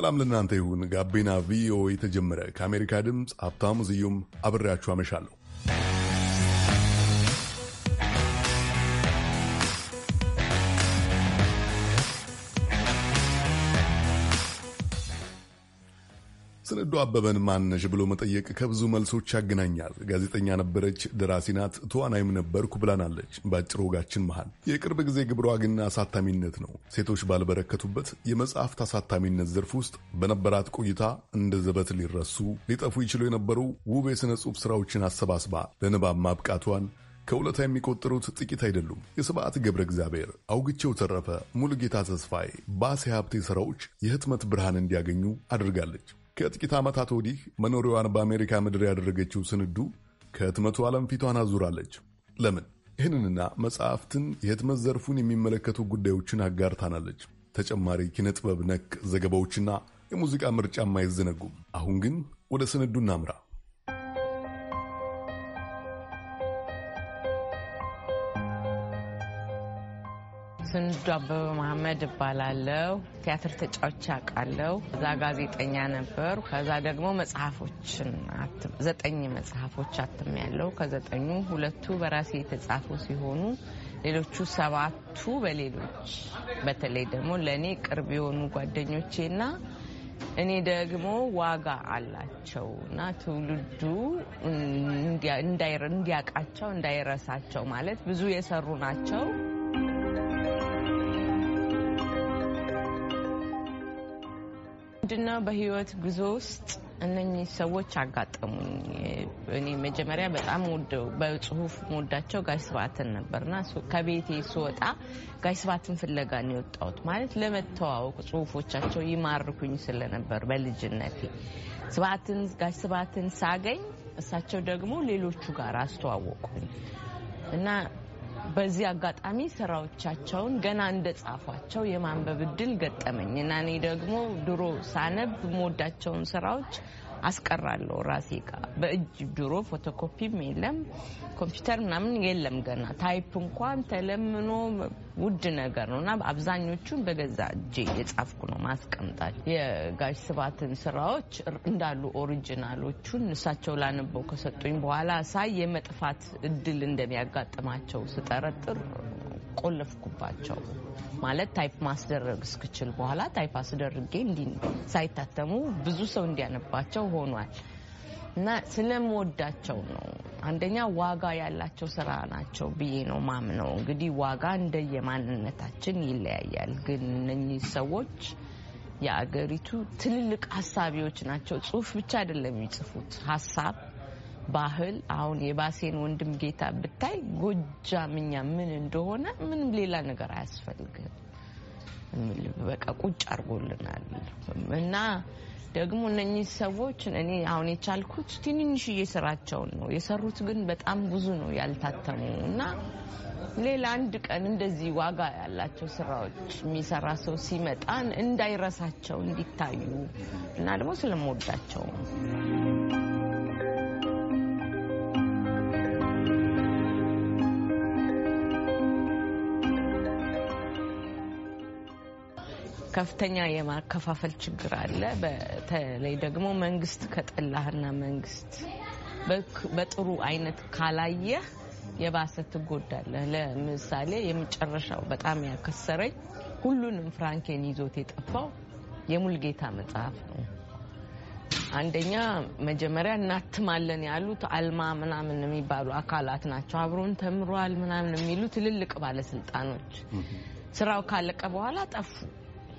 ሰላም ለእናንተ ይሁን። ጋቢና ቪኦኤ ተጀመረ። ከአሜሪካ ድምፅ ሀብታሙ ዝዩም አብሬያችሁ አመሻለሁ። ጽንዶ አበበን ማነሽ ብሎ መጠየቅ ከብዙ መልሶች ያገናኛል። ጋዜጠኛ ነበረች፣ ደራሲ ናት፣ ተዋናይም ነበርኩ ብላናለች። በአጭር ወጋችን መሃል የቅርብ ጊዜ ግብሯ ግን አሳታሚነት ነው። ሴቶች ባልበረከቱበት የመጽሐፍት አሳታሚነት ዘርፍ ውስጥ በነበራት ቆይታ እንደ ዘበት ሊረሱ ሊጠፉ ይችሉ የነበሩ ውብ የሥነ ጽሑፍ ሥራዎችን አሰባስባ ለንባብ ማብቃቷን ከሁለታ የሚቆጠሩት ጥቂት አይደሉም። የሰብዓት ገብረ እግዚአብሔር፣ አውግቸው ተረፈ፣ ሙሉጌታ ተስፋዬ፣ ባሴ ሀብቴ ሥራዎች የህትመት ብርሃን እንዲያገኙ አድርጋለች። ከጥቂት ዓመታት ወዲህ መኖሪያዋን በአሜሪካ ምድር ያደረገችው ስንዱ ከህትመቱ ዓለም ፊቷን አዙራለች። ለምን? ይህንንና መጽሐፍትን የህትመት ዘርፉን የሚመለከቱ ጉዳዮችን አጋርታናለች። ተጨማሪ ኪነጥበብ ነክ ዘገባዎችና የሙዚቃ ምርጫም አይዘነጉም። አሁን ግን ወደ ስንዱ እናምራ። ስንዱ አበበ መሐመድ እባላለሁ። ቲያትር ተጫዋች አውቃለሁ። እዛ ጋዜጠኛ ነበሩ። ከዛ ደግሞ መጽሐፎችን ዘጠኝ መጽሐፎች አትም ያለው ከዘጠኙ ሁለቱ በራሴ የተጻፉ ሲሆኑ ሌሎቹ ሰባቱ በሌሎች በተለይ ደግሞ ለእኔ ቅርብ የሆኑ ጓደኞቼና እኔ ደግሞ ዋጋ አላቸው እና ትውልዱ እንዲያቃቸው እንዳይረሳቸው ማለት ብዙ የሰሩ ናቸው። በልምድና በህይወት ጉዞ ውስጥ እነኚህ ሰዎች አጋጠሙኝ። እኔ መጀመሪያ በጣም ወደው በጽሁፍ መወዳቸው ጋሽ ስብሀትን ነበርና ከቤቴ ስወጣ ጋሽ ስብሀትን ፍለጋ ነው የወጣሁት። ማለት ለመተዋወቅ ጽሁፎቻቸው ይማርኩኝ ስለነበር በልጅነቴ ስብሀትን ጋሽ ስብሀትን ሳገኝ እሳቸው ደግሞ ሌሎቹ ጋር አስተዋወቁኝ እና በዚህ አጋጣሚ ስራዎቻቸውን ገና እንደ ጻፏቸው የማንበብ እድል ገጠመኝ እና እኔ ደግሞ ድሮ ሳነብ የምወዳቸውን ስራዎች አስቀራለሁ ራሴ ጋ በእጅ ድሮ ፎቶኮፒም የለም ኮምፒውተር ምናምን የለም ገና ታይፕ እንኳን ተለምኖ ውድ ነገር ነው እና አብዛኞቹን በገዛ እጄ የጻፍኩ ነው ማስቀምጣል የጋሽ ስባትን ስራዎች እንዳሉ ኦሪጂናሎቹን እሳቸው ላነበው ከሰጡኝ በኋላ ሳይ የመጥፋት እድል እንደሚያጋጥማቸው ስጠረጥር ቆለፍኩባቸው። ማለት ታይፕ ማስደረግ እስክችል በኋላ ታይፕ አስደርጌ ሳይታተሙ ብዙ ሰው እንዲያነባቸው ሆኗል። እና ስለምወዳቸው ነው። አንደኛ ዋጋ ያላቸው ስራ ናቸው ብዬ ነው ማምነው። እንግዲህ ዋጋ እንደየማንነታችን ይለያያል። ግን እነኚህ ሰዎች የአገሪቱ ትልልቅ ሀሳቢዎች ናቸው። ጽሁፍ ብቻ አይደለም የሚጽፉት ሀሳብ ባህል አሁን የባሴን ወንድም ጌታ ብታይ ጎጃምኛ ምን እንደሆነ ምንም ሌላ ነገር አያስፈልግም። በቃ ቁጭ አርጎልናል። እና ደግሞ እነኚህ ሰዎች እኔ አሁን የቻልኩት ትንንሽዬ ስራቸውን ነው የሰሩት፣ ግን በጣም ብዙ ነው ያልታተሙ እና ሌላ አንድ ቀን እንደዚህ ዋጋ ያላቸው ስራዎች የሚሰራ ሰው ሲመጣን እንዳይረሳቸው እንዲታዩ እና ደግሞ ስለምወዳቸው ከፍተኛ የማከፋፈል ችግር አለ። በተለይ ደግሞ መንግስት ከጠላህና መንግስት በጥሩ አይነት ካላየህ የባሰ ትጎዳለህ። ለምሳሌ የመጨረሻው በጣም ያከሰረኝ ሁሉንም ፍራንኬን ይዞት የጠፋው የሙልጌታ መጽሐፍ ነው። አንደኛ መጀመሪያ እናትማለን ያሉት አልማ ምናምን የሚባሉ አካላት ናቸው። አብሮን ተምሯል ምናምን የሚሉ ትልልቅ ባለስልጣኖች ስራው ካለቀ በኋላ ጠፉ።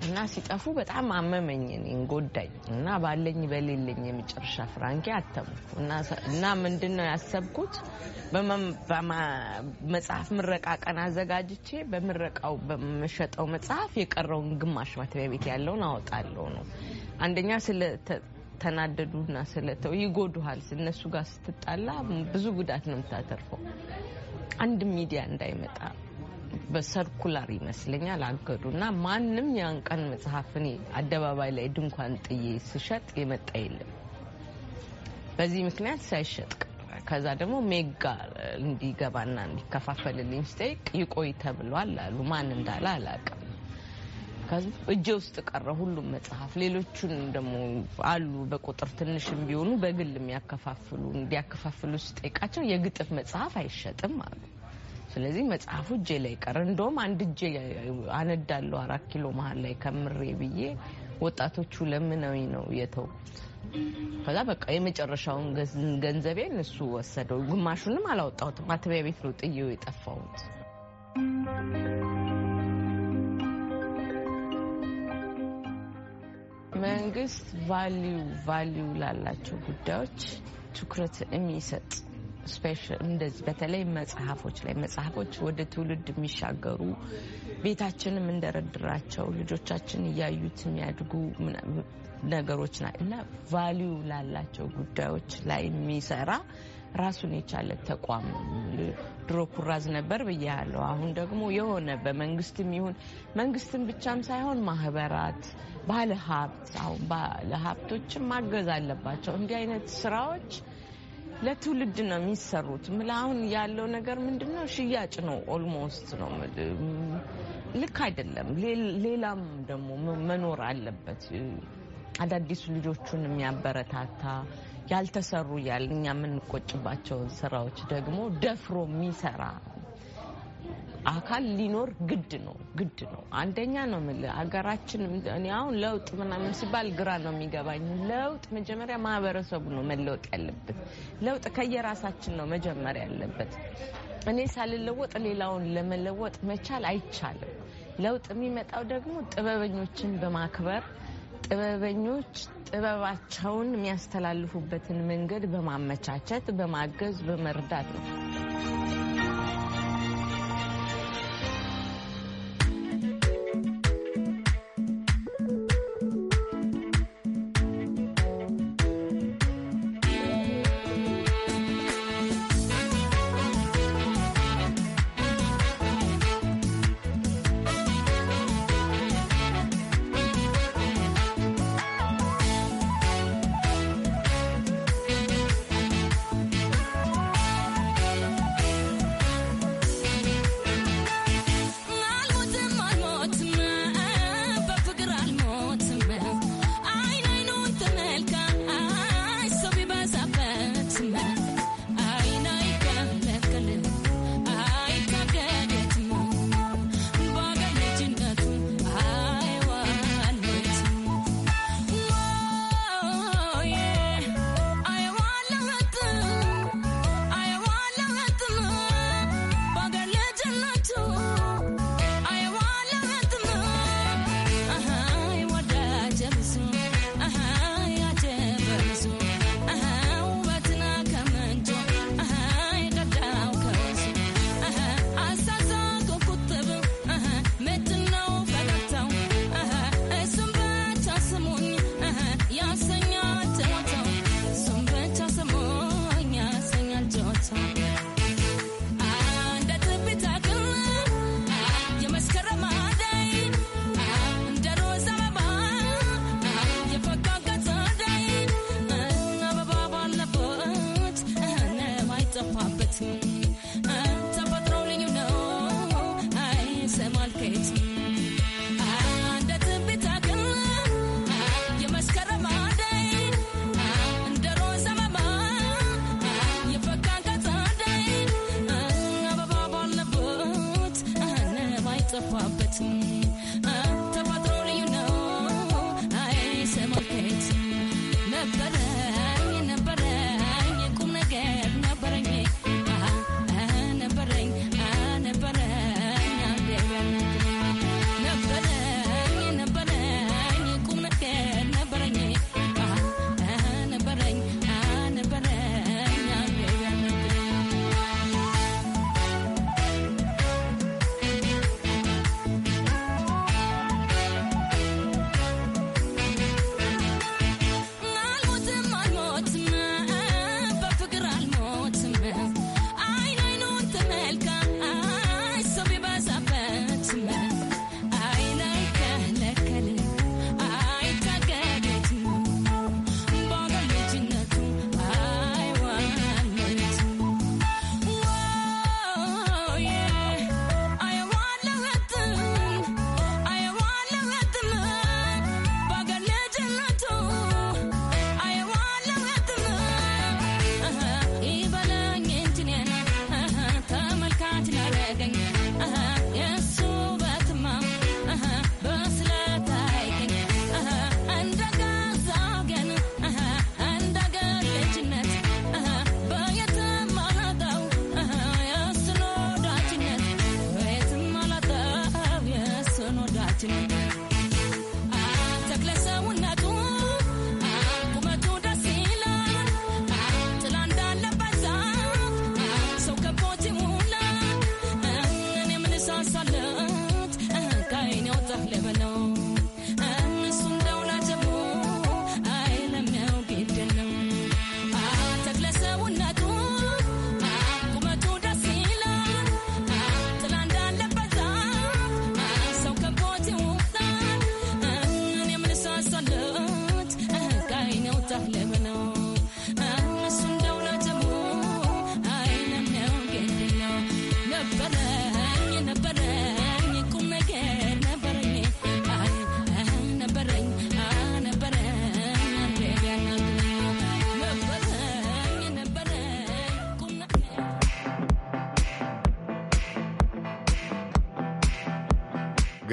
እና ሲጠፉ በጣም አመመኝ፣ እኔን ጎዳኝ እና ባለኝ በሌለኝ የመጨረሻ ፍራንኪ አተሙ እና ምንድን ነው ያሰብኩት መጽሐፍ ምረቃ ቀን አዘጋጅቼ በምረቃው በመሸጠው መጽሐፍ የቀረውን ግማሽ ማተሚያ ቤት ያለውን አወጣለሁ ነው። አንደኛ ስለ ስለተው ይጎዱሃል። እነሱ ጋር ስትጣላ ብዙ ጉዳት ነው የምታተርፈው። አንድ ሚዲያ እንዳይመጣ በሰርኩላር ይመስለኛል አገዱ እና ማንም ያን ቀን መጽሐፍ አደባባይ ላይ ድንኳን ጥዬ ስሸጥ የመጣ የለም። በዚህ ምክንያት ሳይሸጥ ከዛ ደግሞ ሜጋ እንዲገባና እንዲከፋፈልልኝ ስጠይቅ ይቆይ ተብሏል አሉ። ማን እንዳለ አላውቅም። እጄ ውስጥ ቀረ ሁሉም መጽሐፍ። ሌሎቹን ደግሞ አሉ በቁጥር ትንሽም ቢሆኑ በግል የሚያከፋፍሉ እንዲያከፋፍሉ ስጠይቃቸው የግጥም መጽሐፍ አይሸጥም አሉ። ስለዚህ መጽሐፉ እጄ ላይ ቀረ። እንደውም አንድ እጄ አነዳለሁ አራት ኪሎ መሀል ላይ ከምሬ ብዬ ወጣቶቹ ለምነው ነው የተውኩት። ከዛ በቃ የመጨረሻውን ገንዘቤን እሱ ወሰደው። ግማሹንም አላወጣሁትም። ማተሚያ ቤት ነው ጥዬው የጠፋሁት። መንግስት ቫሊዩ ቫሊዩ ላላቸው ጉዳዮች ትኩረት የሚሰጥ እንደዚህ በተለይ መጽሐፎች ላይ መጽሐፎች ወደ ትውልድ የሚሻገሩ ቤታችንም እንደረድራቸው ልጆቻችን እያዩት የሚያድጉ ነገሮች ና እና ቫሊዩ ላላቸው ጉዳዮች ላይ የሚሰራ ራሱን የቻለ ተቋም ድሮ ኩራዝ ነበር ብያለሁ። አሁን ደግሞ የሆነ በመንግስትም ይሁን መንግስትም ብቻም ሳይሆን ማህበራት፣ ባለሀብት አሁን ማገዝ አለባቸው። እንዲህ አይነት ስራዎች ለትውልድ ነው የሚሰሩት። ምን አሁን ያለው ነገር ምንድን ነው? ሽያጭ ነው ኦልሞስት ነው ልክ አይደለም። ሌላም ደግሞ መኖር አለበት። አዳዲሱ ልጆቹን የሚያበረታታ ያልተሰሩ ያል እኛ የምንቆጭባቸውን ስራዎች ደግሞ ደፍሮ የሚሰራ አካል ሊኖር ግድ ነው ግድ ነው። አንደኛ ነው ምል ሀገራችን እኔ አሁን ለውጥ ምናምን ሲባል ግራ ነው የሚገባኝ። ለውጥ መጀመሪያ ማህበረሰቡ ነው መለወጥ ያለበት። ለውጥ ከየራሳችን ነው መጀመሪያ ያለበት። እኔ ሳልለወጥ ሌላውን ለመለወጥ መቻል አይቻልም። ለውጥ የሚመጣው ደግሞ ጥበበኞችን በማክበር ጥበበኞች ጥበባቸውን የሚያስተላልፉበትን መንገድ በማመቻቸት በማገዝ፣ በመርዳት ነው።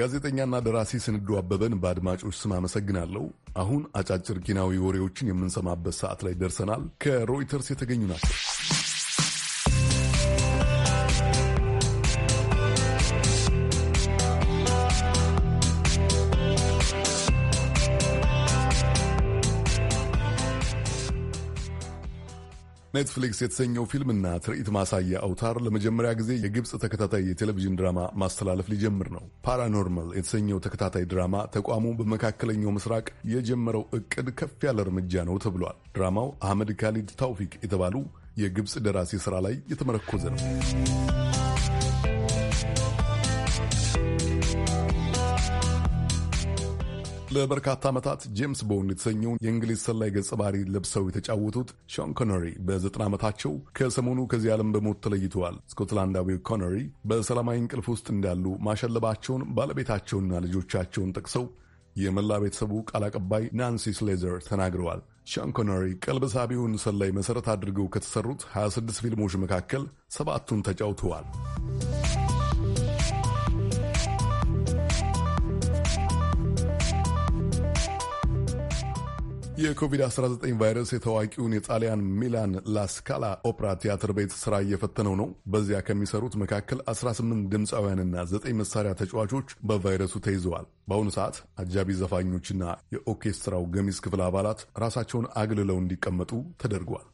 ጋዜጠኛና ደራሲ ስንዱ አበበን በአድማጮች ስም አመሰግናለሁ። አሁን አጫጭር ኪናዊ ወሬዎችን የምንሰማበት ሰዓት ላይ ደርሰናል። ከሮይተርስ የተገኙ ናቸው። ኔትፍሊክስ የተሰኘው ፊልምና ትርኢት ማሳያ አውታር ለመጀመሪያ ጊዜ የግብፅ ተከታታይ የቴሌቪዥን ድራማ ማስተላለፍ ሊጀምር ነው። ፓራኖርማል የተሰኘው ተከታታይ ድራማ ተቋሙ በመካከለኛው ምስራቅ የጀመረው እቅድ ከፍ ያለ እርምጃ ነው ተብሏል። ድራማው አህመድ ካሊድ ታውፊክ የተባሉ የግብፅ ደራሲ ሥራ ላይ የተመረኮዘ ነው። ለበርካታ ዓመታት ጄምስ ቦንድ የተሰኘውን የእንግሊዝ ሰላይ ገጸ ባህሪ ለብሰው የተጫወቱት ሾን ኮነሪ በዘጠና ዓመታቸው ከሰሞኑ ከዚህ ዓለም በሞት ተለይተዋል። ስኮትላንዳዊ ኮነሪ በሰላማዊ እንቅልፍ ውስጥ እንዳሉ ማሸለባቸውን ባለቤታቸውና ልጆቻቸውን ጠቅሰው የመላ ቤተሰቡ ቃል አቀባይ ናንሲ ስሌዘር ተናግረዋል። ሻን ኮነሪ ቀልብ ሳቢውን ሰላይ መሠረት አድርገው ከተሠሩት 26 ፊልሞች መካከል ሰባቱን ተጫውተዋል። የኮቪድ-19 ቫይረስ የታዋቂውን የጣሊያን ሚላን ላስካላ ኦፕራ ቲያትር ቤት ስራ እየፈተነው ነው። በዚያ ከሚሰሩት መካከል 18 ድምፃውያንና 9 መሳሪያ ተጫዋቾች በቫይረሱ ተይዘዋል። በአሁኑ ሰዓት አጃቢ ዘፋኞችና የኦርኬስትራው ገሚስ ክፍል አባላት ራሳቸውን አግልለው እንዲቀመጡ ተደርጓል።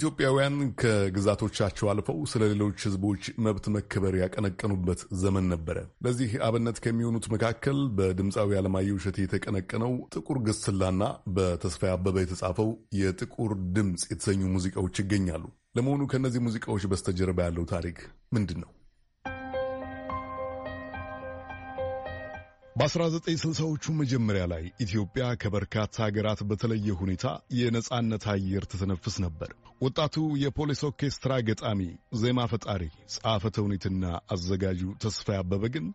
ኢትዮጵያውያን ከግዛቶቻቸው አልፈው ስለ ሌሎች ህዝቦች መብት መከበር ያቀነቀኑበት ዘመን ነበረ። ለዚህ አብነት ከሚሆኑት መካከል በድምፃዊ አለማየሁ እሸቴ የተቀነቀነው ጥቁር ግስላና በተስፋዬ አበበ የተጻፈው የጥቁር ድምፅ የተሰኙ ሙዚቃዎች ይገኛሉ። ለመሆኑ ከእነዚህ ሙዚቃዎች በስተጀርባ ያለው ታሪክ ምንድን ነው? በ1960ዎቹ መጀመሪያ ላይ ኢትዮጵያ ከበርካታ ሀገራት በተለየ ሁኔታ የነጻነት አየር ትተነፍስ ነበር። ወጣቱ የፖሊስ ኦርኬስትራ ገጣሚ፣ ዜማ ፈጣሪ፣ ጸሐፈ ተውኔትና አዘጋጁ ተስፋ ያበበ ግን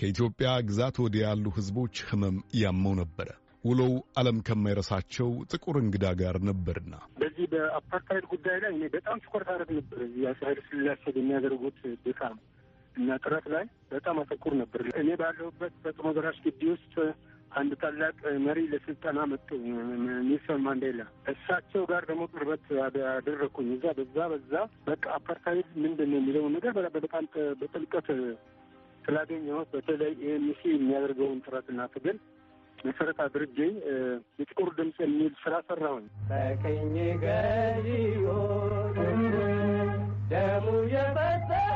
ከኢትዮጵያ ግዛት ወዲያ ያሉ ሕዝቦች ሕመም ያመው ነበረ። ውሎው ዓለም ከማይረሳቸው ጥቁር እንግዳ ጋር ነበርና በዚህ በአፓርታይድ ጉዳይ ላይ እኔ በጣም ትኩረት አደረግ ነበር። የአፄ ኃይለ ሥላሴ የሚያደርጉት ድካም እና ጥረት ላይ በጣም አተኩር ነበር። እኔ ባለሁበት በጥሞ ግቢ ውስጥ አንድ ታላቅ መሪ ለስልጠና መጡ፣ ኔልሰን ማንዴላ። እሳቸው ጋር ደግሞ ቅርበት አደረኩኝ። እዛ በዛ በዛ በቃ አፓርታይድ ምንድን ነው የሚለውን ነገር በጣም በጥልቀት ስላገኘሁት በተለይ ኤምሲ የሚያደርገውን ጥረትና ትግል መሰረት አድርጌ የጥቁር ድምፅ የሚል ስራ ሰራሁኝ። በቅኝ ገዢው ደሙ የፈሰሰው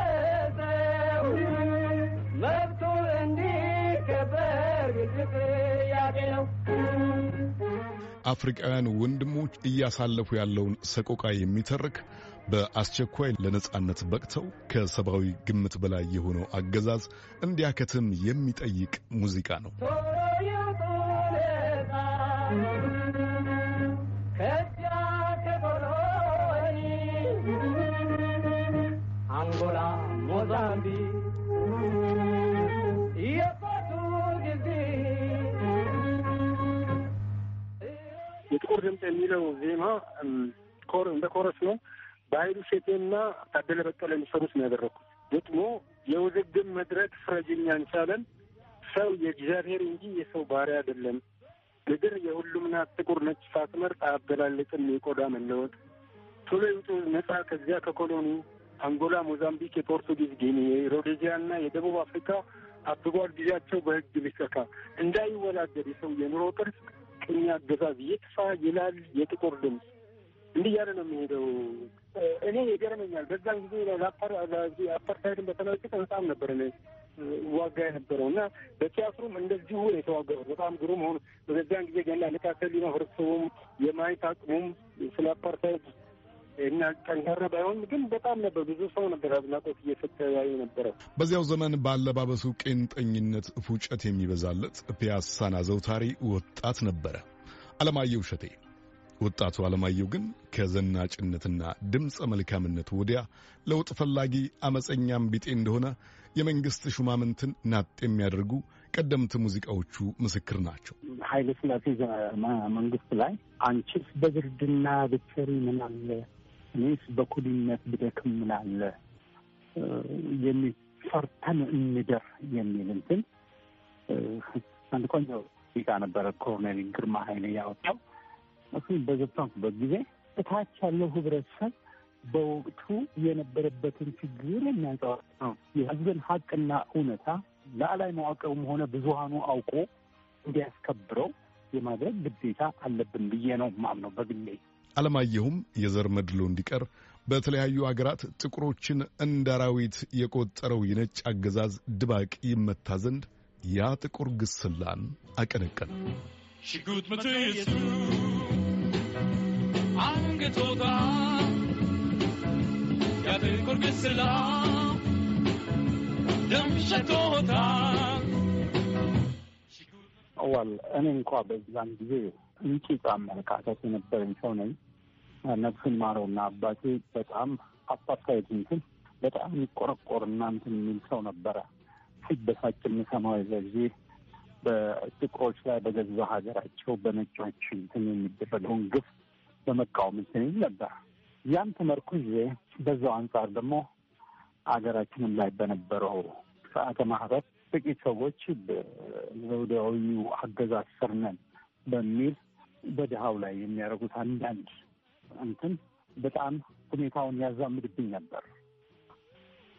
መብት አፍሪካውያን ግልጽ ጥያቄ ነው። አፍሪቃውያን ወንድሞች እያሳለፉ ያለውን ሰቆቃ የሚተርክ በአስቸኳይ ለነጻነት በቅተው ከሰብአዊ ግምት በላይ የሆነው አገዛዝ እንዲያከትም የሚጠይቅ ሙዚቃ ነው። የሚለው ዜማ እንደ ኮረስ ነው። በሀይሉ ሴቴና ታደለ በቀለ የሚሰሩት ነው ግጥሞ የውዝግብ መድረክ ፍረጅኛ እንቻለን፣ ሰው የእግዚአብሔር እንጂ የሰው ባሪያ አይደለም፣ ምድር የሁሉም ናት ጥቁር ነጭ ሳትመርጥ፣ አያበላልጥም የቆዳ መለወጥ፣ ቶሎ ይውጡ ነጻ ከዚያ ከኮሎኒ አንጎላ፣ ሞዛምቢክ፣ የፖርቱጊዝ ጊኒ፣ የሮዴዚያና የደቡብ አፍሪካ አብጓል ጊዜያቸው በህግ ቢሰካ እንዳይወላደድ የሰው የኑሮ ቅርጽ ቅኝ አገዛዝ ይጥፋ ይላል የጥቁር ድምፅ። እንዲህ እያለ ነው የሚሄደው። እኔ የገረመኛል በዛን ጊዜ አፓርታይድን በተመለከተ በጣም ነበር ዋጋ የነበረው እና በቲያትሩም እንደዚሁ የተዋገሩት በጣም ግሩም ሆኑ። በዛን ጊዜ ገና ልቃከሊና ህብረተሰቡም የማየት አቅሙም ስለ አፓርታይድ እና ጠንካራ ባይሆን ግን በጣም ነበር ብዙ ሰው ነበር አድናቆት እየሰጠ ያዩ ነበረው። በዚያው ዘመን በአለባበሱ ቄንጠኝነት ፉጨት የሚበዛለት ፒያሳን አዘውታሪ ወጣት ነበረ አለማየሁ እሸቴ። ወጣቱ አለማየሁ ግን ከዘናጭነትና ድምፀ መልካምነት ወዲያ ለውጥ ፈላጊ አመፀኛም ቢጤ እንደሆነ የመንግስት ሹማምንትን ናጥ የሚያደርጉ ቀደምት ሙዚቃዎቹ ምስክር ናቸው። ኃይለ ሥላሴ መንግስት ላይ አንቺስ በዝርድና ብትሰሪ ምን አለ እኔስ በኩልነት ብደክም ምናለ የሚል እንደር የሚል እንትን አንድ ቆንጆ ሙዚቃ ነበረ ኮርኔል ግርማ ኃይሌ ያወጣው። እሱን በዘፈንኩበት ጊዜ እታች ያለው ህብረተሰብ በወቅቱ የነበረበትን ችግር የሚያንጸባርቅ ነው። የህዝብን ሀቅና እውነታ ላዕላይ መዋቅሩም ሆነ ብዙሀኑ አውቆ እንዲያስከብረው የማድረግ ግዴታ አለብን ብዬ ነው ማምነው በግሌ። አለማየሁም የዘር መድሎ እንዲቀር በተለያዩ አገራት ጥቁሮችን እንደ አራዊት የቆጠረው የነጭ አገዛዝ ድባቅ ይመታ ዘንድ ያ ጥቁር ግስላን አቀነቀነ። ሽጉጥ መትየሱ አንገቶታ ያ ጥቁር ግስላ ደምሸቶታ ሸቶታ እኔ እንኳ በዛን ጊዜ እንጭጭ አመለካከት የነበረኝ ሰው ነኝ። ነፍሱን ማረውና አባቴ በጣም አፓርታይድ እንትን በጣም ይቆረቆርና እንትን የሚል ሰው ነበረ። ሲበሳጭ የምሰማው ጊዜ በጥቁሮች ላይ በገዛ ሀገራቸው በነጮች እንትን የሚደረገውን ግፍ በመቃወም እንትን ይል ነበር። ያን ተመርኩዤ በዛው አንጻር ደግሞ ሀገራችንም ላይ በነበረው ስርዓተ ማህበር ጥቂት ሰዎች በዘውዳዊው አገዛዝ ስር ነን በሚል በድሃው ላይ የሚያደርጉት አንዳንድ እንትን በጣም ሁኔታውን ያዛምድብኝ ነበር።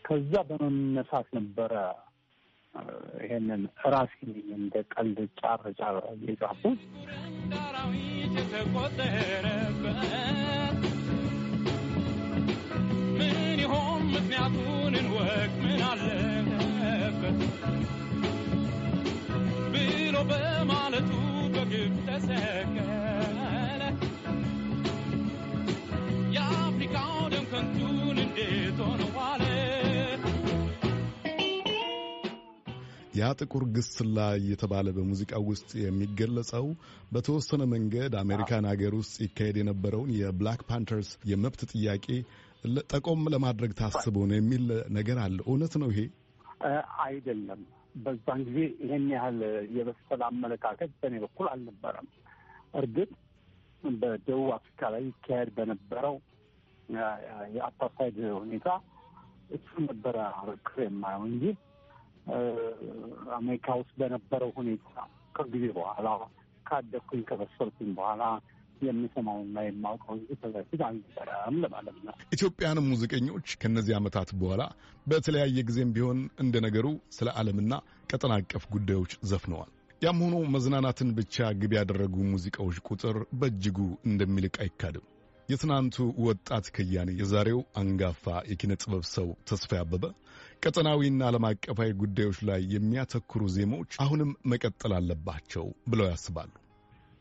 ከዛ በመነሳት ነበረ ይሄንን ራሴ እንደ ቀልድ ጫር ጫር እየጻፉት ምን ይሆን ምክንያቱን እንወቅ ምን አለበት ብሎ በማለቱ በግብ ተሰቀለ። እንዴት ሆነ ያ ጥቁር ግስላ እየተባለ በሙዚቃ ውስጥ የሚገለጸው በተወሰነ መንገድ አሜሪካን ሀገር ውስጥ ይካሄድ የነበረውን የብላክ ፓንተርስ የመብት ጥያቄ ጠቆም ለማድረግ ታስቦ ነው የሚል ነገር አለ። እውነት ነው ይሄ? አይደለም በዛን ጊዜ ይህን ያህል የበሰለ አመለካከት በእኔ በኩል አልነበረም። እርግጥ በደቡብ አፍሪካ ላይ ይካሄድ በነበረው የአፓርታይድ ሁኔታ እሱ ነበረ ክር የማየው እንጂ አሜሪካ ውስጥ በነበረው ሁኔታ ከጊዜ በኋላ ካደግኩኝ ከበሰልኩኝ በኋላ የምሰማውና የማውቀው ተዘጋጅ አንሰራም ለማለት ነው። ኢትዮጵያን ሙዚቀኞች ከእነዚህ ዓመታት በኋላ በተለያየ ጊዜም ቢሆን እንደ ነገሩ ስለ ዓለምና ቀጠና አቀፍ ጉዳዮች ዘፍነዋል። ያም ሆኖ መዝናናትን ብቻ ግብ ያደረጉ ሙዚቃዎች ቁጥር በእጅጉ እንደሚልቅ አይካድም። የትናንቱ ወጣት ከያኔ የዛሬው አንጋፋ የኪነ ጥበብ ሰው ተስፋ ያበበ ቀጠናዊና ዓለም አቀፋዊ ጉዳዮች ላይ የሚያተኩሩ ዜማዎች አሁንም መቀጠል አለባቸው ብለው ያስባሉ።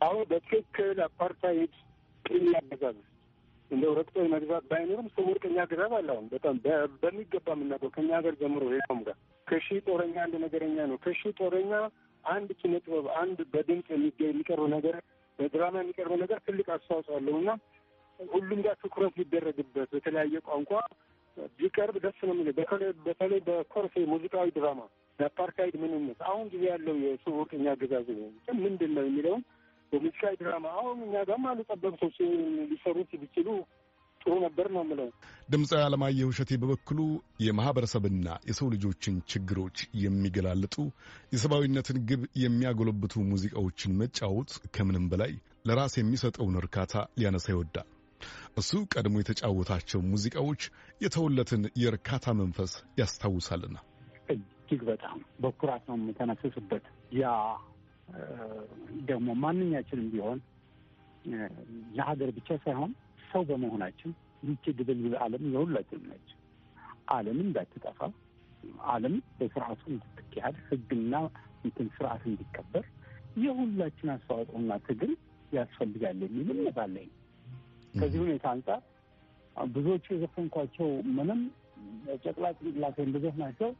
አሁን በትክክል አፓርታይድ ቅኝ አገዛዝ እንደ ረግጦ መግዛት ባይኖርም ስውር ቅኝ አገዛዝ አለ። አሁን በጣም በሚገባ የምናውቀው ከኛ ሀገር ጀምሮ ሌላውም ጋር ከሺ ጦረኛ አንድ ነገረኛ ነው። ከሺ ጦረኛ አንድ ኪነ ጥበብ፣ አንድ በድምፅ የሚቀርብ ነገር፣ በድራማ የሚቀርብ ነገር ትልቅ አስተዋጽኦ አለው እና ሁሉም ጋር ትኩረት ሊደረግበት በተለያየ ቋንቋ ቢቀርብ ደስ ነው የሚለው በተለይ በኮርሴ ሙዚቃዊ ድራማ የአፓርታይድ ምንነት አሁን ጊዜ ያለው የስውር ቅኝ አገዛዝ ምንድን ነው የሚለውን በሙዚቃ ድራማ አሁን እኛ ጋም አሉ ጠበብቶች ሊሰሩት ቢችሉ ጥሩ ነበር ነው የምለው። ድምፃዊ አለማየሁ እሸቴ በበኩሉ የማህበረሰብና የሰው ልጆችን ችግሮች የሚገላልጡ የሰብአዊነትን ግብ የሚያጎለብቱ ሙዚቃዎችን መጫወት ከምንም በላይ ለራስ የሚሰጠውን እርካታ ሊያነሳ ይወዳል። እሱ ቀድሞ የተጫወታቸው ሙዚቃዎች የተወለትን የእርካታ መንፈስ ያስታውሳልና እጅግ በጣም በኩራት ነው የምተነፍስበት ያ ደግሞ ማንኛችንም ቢሆን ለሀገር ብቻ ሳይሆን ሰው በመሆናችን ይቺ ድብልብል ዓለም የሁላችንም ነች። ዓለም እንዳትጠፋ ዓለም በስርዓቱ እንድትካሄድ ህግና እንትን ስርዓት እንዲከበር የሁላችን አስተዋጽኦና ትግል ያስፈልጋል የሚል እምነት አለኝ። ከዚህ ሁኔታ አንጻር ብዙዎቹ የዘፈንኳቸው ምንም ጨቅላ ጭንቅላቴ ወይም ናቸው።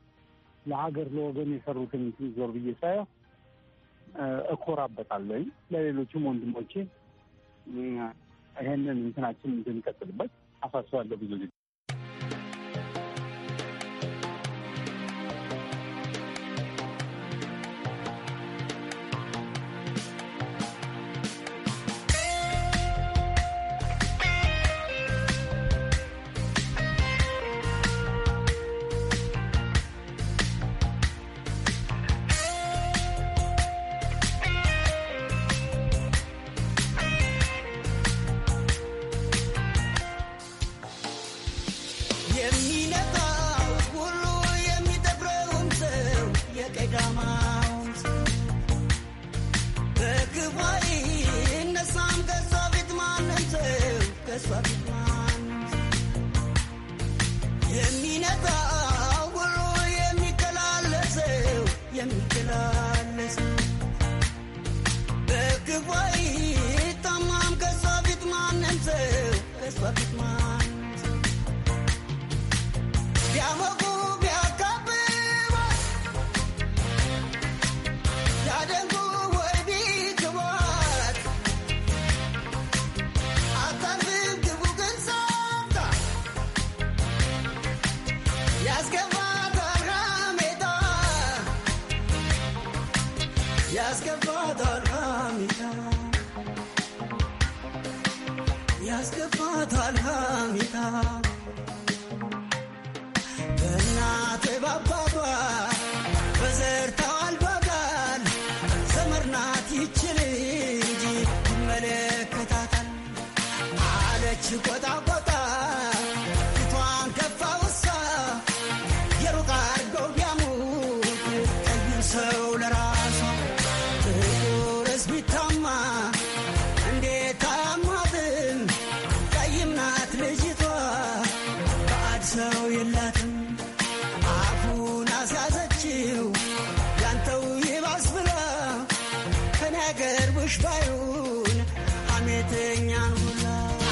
ለሀገር ለወገን የሰሩትን ዞር ብዬ ሳየው እኮራበታለሁ። ለሌሎችም ወንድሞቼ ይህንን እንትናችን እንድንቀጥልበት አሳስባለሁ ብዙ ጊዜ ከቅርብሽ ባይሆን ሐሜተኛን ሁላ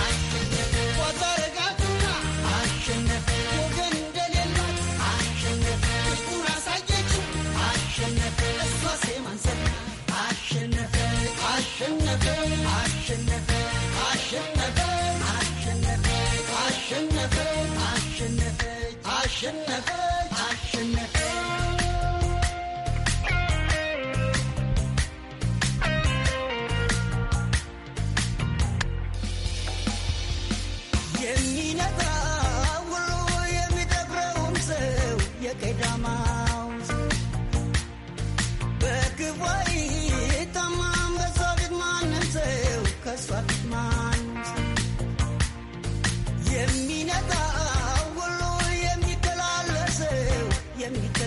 አሳየችው አሸነፈ አሸነፈ አሸነፈ አሸነፈ አሸነፈ አሸነፈ አሸነፈ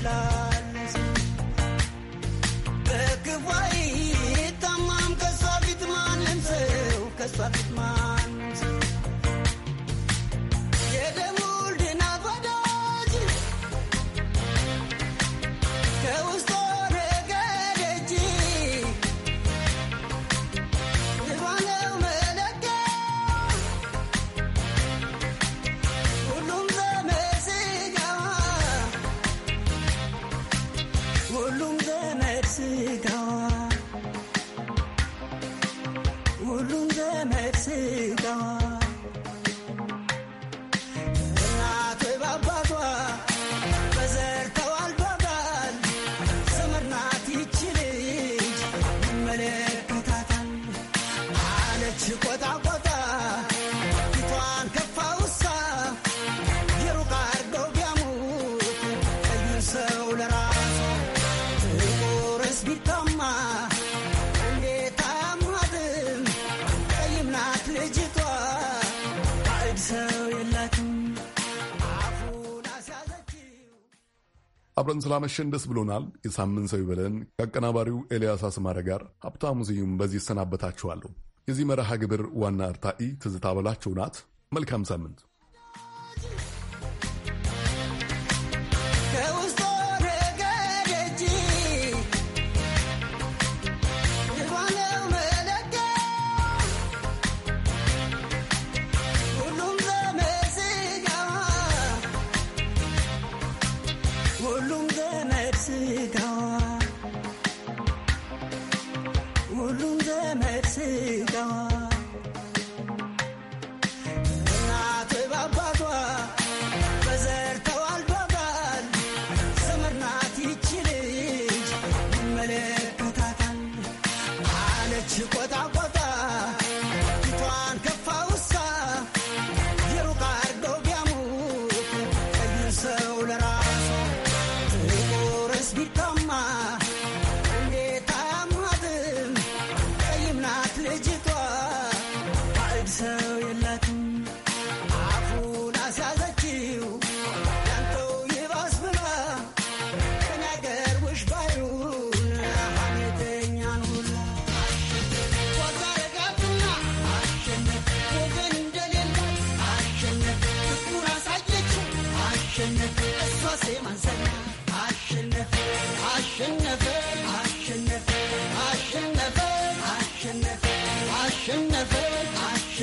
love. አብረን ስላመሸን ደስ ብሎናል። የሳምንት ሰው ይበለን። ከአቀናባሪው ኤልያስ አስማረ ጋር ሀብታሙ ስዩም በዚህ ይሰናበታችኋለሁ። የዚህ መርሃ ግብር ዋና እርታኢ ትዝታ በላቸው ናት። መልካም ሳምንት።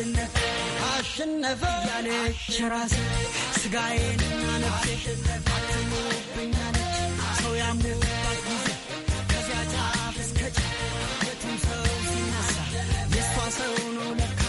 አሸነፈ አሸነፈ ራስ ስጋዬንና ነፍሴ አትሞብኛለች ሰው ያምንባት ጊዜ ከዚያ ጫፍ እስከ ጫፍ ሰው ሲነሳ የእሷ ሰው ነው ለካ